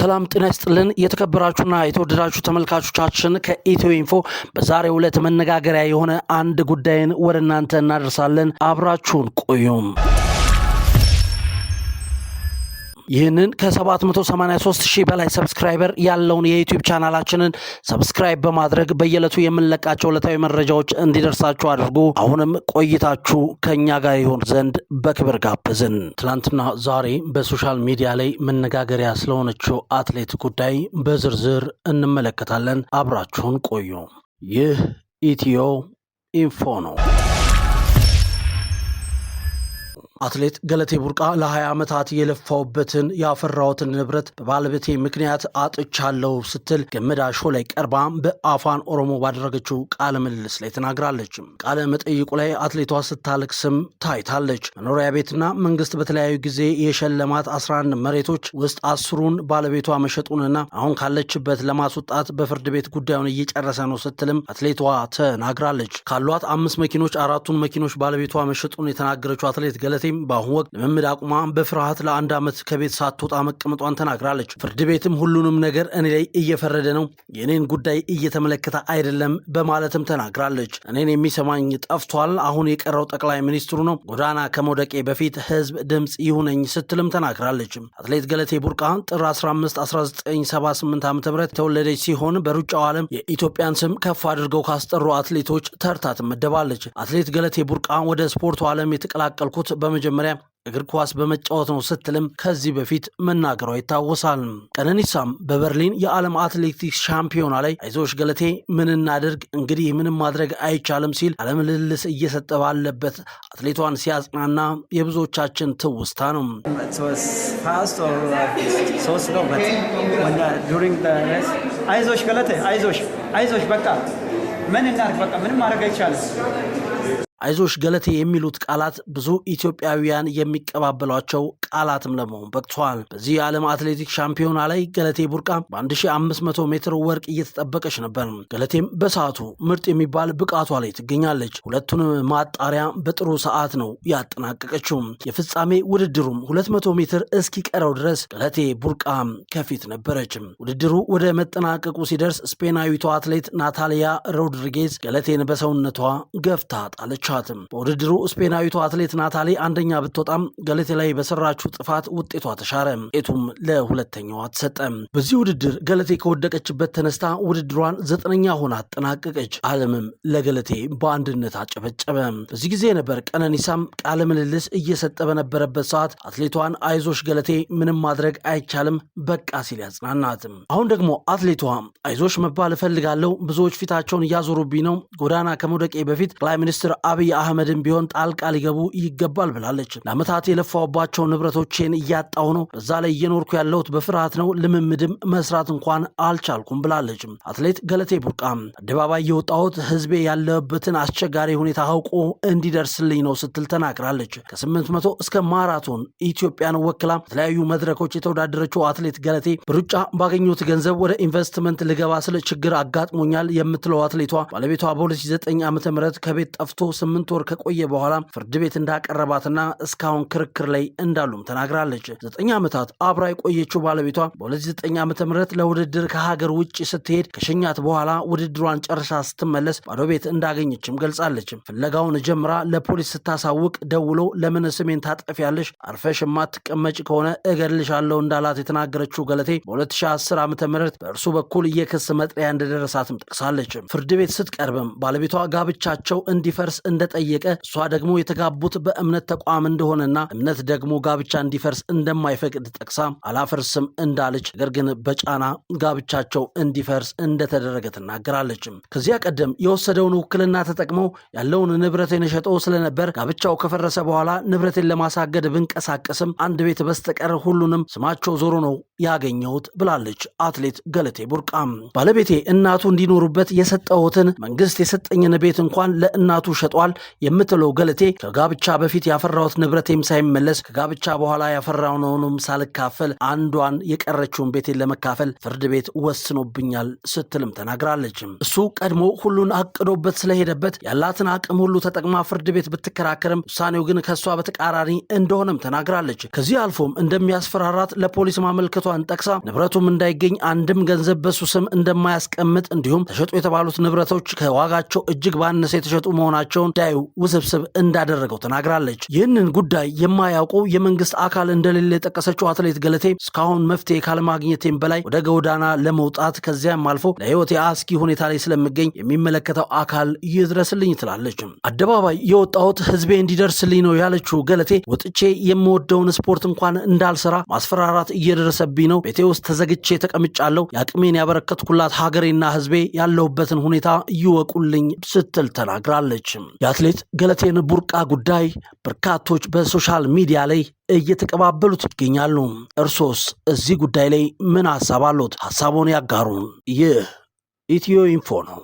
ሰላም ጤና ይስጥልን። የተከበራችሁና የተወደዳችሁ ተመልካቾቻችን ከኢትዮ ኢንፎ በዛሬው ዕለት መነጋገሪያ የሆነ አንድ ጉዳይን ወደ እናንተ እናደርሳለን። አብራችሁን ቆዩም። ይህንን ከ783 ሺህ በላይ ሰብስክራይበር ያለውን የዩቲዩብ ቻናላችንን ሰብስክራይብ በማድረግ በየዕለቱ የምንለቃቸው ዕለታዊ መረጃዎች እንዲደርሳችሁ አድርጉ። አሁንም ቆይታችሁ ከእኛ ጋር ይሆን ዘንድ በክብር ጋብዝን። ትናንትና ዛሬ በሶሻል ሚዲያ ላይ መነጋገሪያ ስለሆነችው አትሌት ጉዳይ በዝርዝር እንመለከታለን። አብራችሁን ቆዩ። ይህ ኢትዮ ኢንፎ ነው። አትሌት ገለቴ ቡርቃ ለ20 ዓመታት የለፋውበትን ያፈራሁትን ንብረት በባለቤቴ ምክንያት አጥቻለሁ ስትል ገመዳ ሾ ላይ ቀርባ በአፋን ኦሮሞ ባደረገችው ቃለ ምልልስ ላይ ተናግራለች። ቃለ መጠይቁ ላይ አትሌቷ ስታለቅስም ታይታለች። መኖሪያ ቤትና መንግስት በተለያዩ ጊዜ የሸለማት 11 መሬቶች ውስጥ አስሩን ባለቤቷ መሸጡንና አሁን ካለችበት ለማስወጣት በፍርድ ቤት ጉዳዩን እየጨረሰ ነው ስትልም አትሌቷ ተናግራለች። ካሏት አምስት መኪኖች አራቱን መኪኖች ባለቤቷ መሸጡን የተናገረችው አትሌት ገለቴ ሴም በአሁኑ ወቅት ልምምድ አቁማ በፍርሃት ለአንድ ዓመት ከቤት ሳትወጣ መቀመጧን ተናግራለች። ፍርድ ቤትም ሁሉንም ነገር እኔ ላይ እየፈረደ ነው፣ የእኔን ጉዳይ እየተመለከተ አይደለም በማለትም ተናግራለች። እኔን የሚሰማኝ ጠፍቷል፣ አሁን የቀረው ጠቅላይ ሚኒስትሩ ነው፣ ጎዳና ከመውደቄ በፊት ህዝብ ድምፅ ይሁነኝ ስትልም ተናግራለች። አትሌት ገለቴ ቡርቃ ጥር 15 1978 ዓ ም የተወለደች ሲሆን በሩጫው ዓለም የኢትዮጵያን ስም ከፍ አድርገው ካስጠሩ አትሌቶች ተርታ ትመደባለች። አትሌት ገለቴ ቡርቃ ወደ ስፖርቱ ዓለም የተቀላቀልኩት በመ በመጀመሪያ እግር ኳስ በመጫወት ነው ስትልም ከዚህ በፊት መናገሯ ይታወሳል። ቀነኒሳም በበርሊን የዓለም አትሌቲክስ ሻምፒዮና ላይ አይዞሽ ገለቴ ምን እናድርግ እንግዲህ ምንም ማድረግ አይቻልም ሲል አለምልልስ እየሰጠ ባለበት አትሌቷን ሲያጽናና የብዙዎቻችን ትውስታ ነው። uh, uh, አይዞሽ ገለቴ አይዞሽ አይዞሽ፣ በቃ ምን እናድርግ፣ በቃ ምንም ማድረግ አይቻልም አይዞሽ ገለቴ የሚሉት ቃላት ብዙ ኢትዮጵያውያን የሚቀባበሏቸው ቃላትም ለመሆን በቅተዋል። በዚህ የዓለም አትሌቲክ ሻምፒዮና ላይ ገለቴ ቡርቃ በ1500 ሜትር ወርቅ እየተጠበቀች ነበር። ገለቴም በሰዓቱ ምርጥ የሚባል ብቃቷ ላይ ትገኛለች። ሁለቱን ማጣሪያ በጥሩ ሰዓት ነው ያጠናቀቀችው። የፍጻሜ ውድድሩም 200 ሜትር እስኪቀረው ድረስ ገለቴ ቡርቃ ከፊት ነበረች። ውድድሩ ወደ መጠናቀቁ ሲደርስ ስፔናዊቷ አትሌት ናታሊያ ሮድሪጌዝ ገለቴን በሰውነቷ ገፍታ ጣለቻት። በውድድሩ ስፔናዊቷ አትሌት ናታሊ አንደኛ ብትወጣም ገለቴ ላይ በሰራች በተጫዋቹ ጥፋት ውጤቷ ተሻረ። ውጤቱም ለሁለተኛዋ ተሰጠም። በዚህ ውድድር ገለቴ ከወደቀችበት ተነስታ ውድድሯን ዘጠነኛ ሆና አጠናቀቀች። ዓለምም ለገለቴ በአንድነት አጨበጨበ። በዚህ ጊዜ ነበር ቀነኒሳም ቃለ ምልልስ እየሰጠ በነበረበት ሰዓት አትሌቷን አይዞሽ ገለቴ ምንም ማድረግ አይቻልም በቃ ሲል ያጽናናት። አሁን ደግሞ አትሌቷ አይዞሽ መባል እፈልጋለሁ፣ ብዙዎች ፊታቸውን እያዞሩብኝ ነው፣ ጎዳና ከመውደቄ በፊት ጠቅላይ ሚኒስትር አብይ አህመድን ቢሆን ጣልቃ ሊገቡ ይገባል ብላለች። ለአመታት የለፋውባቸው ንብረት ንብረቶቼን እያጣው ነው። በዛ ላይ እየኖርኩ ያለሁት በፍርሃት ነው። ልምምድም መስራት እንኳን አልቻልኩም ብላለች አትሌት ገለቴ ቡርቃ አደባባይ የወጣሁት ህዝቤ ያለበትን አስቸጋሪ ሁኔታ አውቆ እንዲደርስልኝ ነው ስትል ተናግራለች። ከ መቶ እስከ ማራቶን ኢትዮጵያን ወክላ የተለያዩ መድረኮች የተወዳደረችው አትሌት ገለቴ በሩጫ ባገኙት ገንዘብ ወደ ኢንቨስትመንት ልገባ ስለ ችግር አጋጥሞኛል የምትለው አትሌቷ ባለቤቷ በ2009 ዓ.ም ከቤት ጠፍቶ ስምንት ወር ከቆየ በኋላ ፍርድ ቤት እንዳቀረባትና እስካሁን ክርክር ላይ እንዳሉ መሆኑም ተናግራለች። ዘጠኝ ዓመታት አብራ የቆየችው ባለቤቷ በ2009 ዓ ም ለውድድር ከሀገር ውጭ ስትሄድ ከሸኛት በኋላ ውድድሯን ጨርሳ ስትመለስ ባዶ ቤት እንዳገኘችም ገልጻለች። ፍለጋውን ጀምራ ለፖሊስ ስታሳውቅ ደውሎ ለምን ስሜን ታጠፊያለሽ? አርፈሽ የማትቀመጭ ከሆነ አለው እንዳላት የተናገረችው ገለቴ በ2010 ዓ ም በእርሱ በኩል የክስ መጥሪያ እንደደረሳትም ጠቅሳለች። ፍርድ ቤት ስትቀርብም ባለቤቷ ጋብቻቸው እንዲፈርስ እንደጠየቀ እሷ ደግሞ የተጋቡት በእምነት ተቋም እንደሆነና እምነት ደግሞ ጋብቻ ጋብቻ እንዲፈርስ እንደማይፈቅድ ጠቅሳ አላፈርስም እንዳለች፣ ነገር ግን በጫና ጋብቻቸው እንዲፈርስ እንደተደረገ ትናገራለች። ከዚያ ቀደም የወሰደውን ውክልና ተጠቅመው ያለውን ንብረቴን ሸጠው ስለነበር ጋብቻው ከፈረሰ በኋላ ንብረቴን ለማሳገድ ብንቀሳቀስም አንድ ቤት በስተቀር ሁሉንም ስማቸው ዞሮ ነው ያገኘሁት ብላለች አትሌት ገለቴ ቡርቃም። ባለቤቴ እናቱ እንዲኖሩበት የሰጠሁትን መንግስት የሰጠኝን ቤት እንኳን ለእናቱ ሸጧል የምትለው ገለቴ ከጋብቻ በፊት ያፈራሁት ንብረቴም ሳይመለስ ከጋብቻ በኋላ ያፈራነውንም ሳልካፈል አንዷን የቀረችውን ቤቴን ለመካፈል ፍርድ ቤት ወስኖብኛል ስትልም ተናግራለች። እሱ ቀድሞ ሁሉን አቅዶበት ስለሄደበት ያላትን አቅም ሁሉ ተጠቅማ ፍርድ ቤት ብትከራከርም ውሳኔው ግን ከእሷ በተቃራኒ እንደሆነም ተናግራለች። ከዚህ አልፎም እንደሚያስፈራራት ለፖሊስ ማመልከቷን ጠቅሳ ንብረቱም እንዳይገኝ አንድም ገንዘብ በሱ ስም እንደማያስቀምጥ እንዲሁም ተሸጡ የተባሉት ንብረቶች ከዋጋቸው እጅግ ባነሰ የተሸጡ መሆናቸውን ጉዳዩ ውስብስብ እንዳደረገው ተናግራለች። ይህንን ጉዳይ የማያውቁ የመንግስት መንግስት አካል እንደሌለ የጠቀሰችው አትሌት ገለቴ እስካሁን መፍትሄ ካለማግኘቴም በላይ ወደ ጎዳና ለመውጣት ከዚያም አልፎ ለህይወት የአስኪ ሁኔታ ላይ ስለምገኝ የሚመለከተው አካል ይድረስልኝ ትላለች። አደባባይ የወጣሁት ህዝቤ እንዲደርስልኝ ነው ያለችው ገለቴ ወጥቼ የምወደውን ስፖርት እንኳን እንዳልሰራ ማስፈራራት እየደረሰብኝ ነው። ቤቴ ውስጥ ተዘግቼ ተቀምጫለሁ። የአቅሜን ያበረከትኩላት ሀገሬና ህዝቤ ያለሁበትን ሁኔታ እይወቁልኝ ስትል ተናግራለች። የአትሌት ገለቴን ቡርቃ ጉዳይ በርካቶች በሶሻል ሚዲያ ላይ እየተቀባበሉት ይገኛሉ። እርሶስ እዚህ ጉዳይ ላይ ምን ሀሳብ አሉት? ሀሳቡን ያጋሩን። ይህ ኢትዮ ኢንፎ ነው።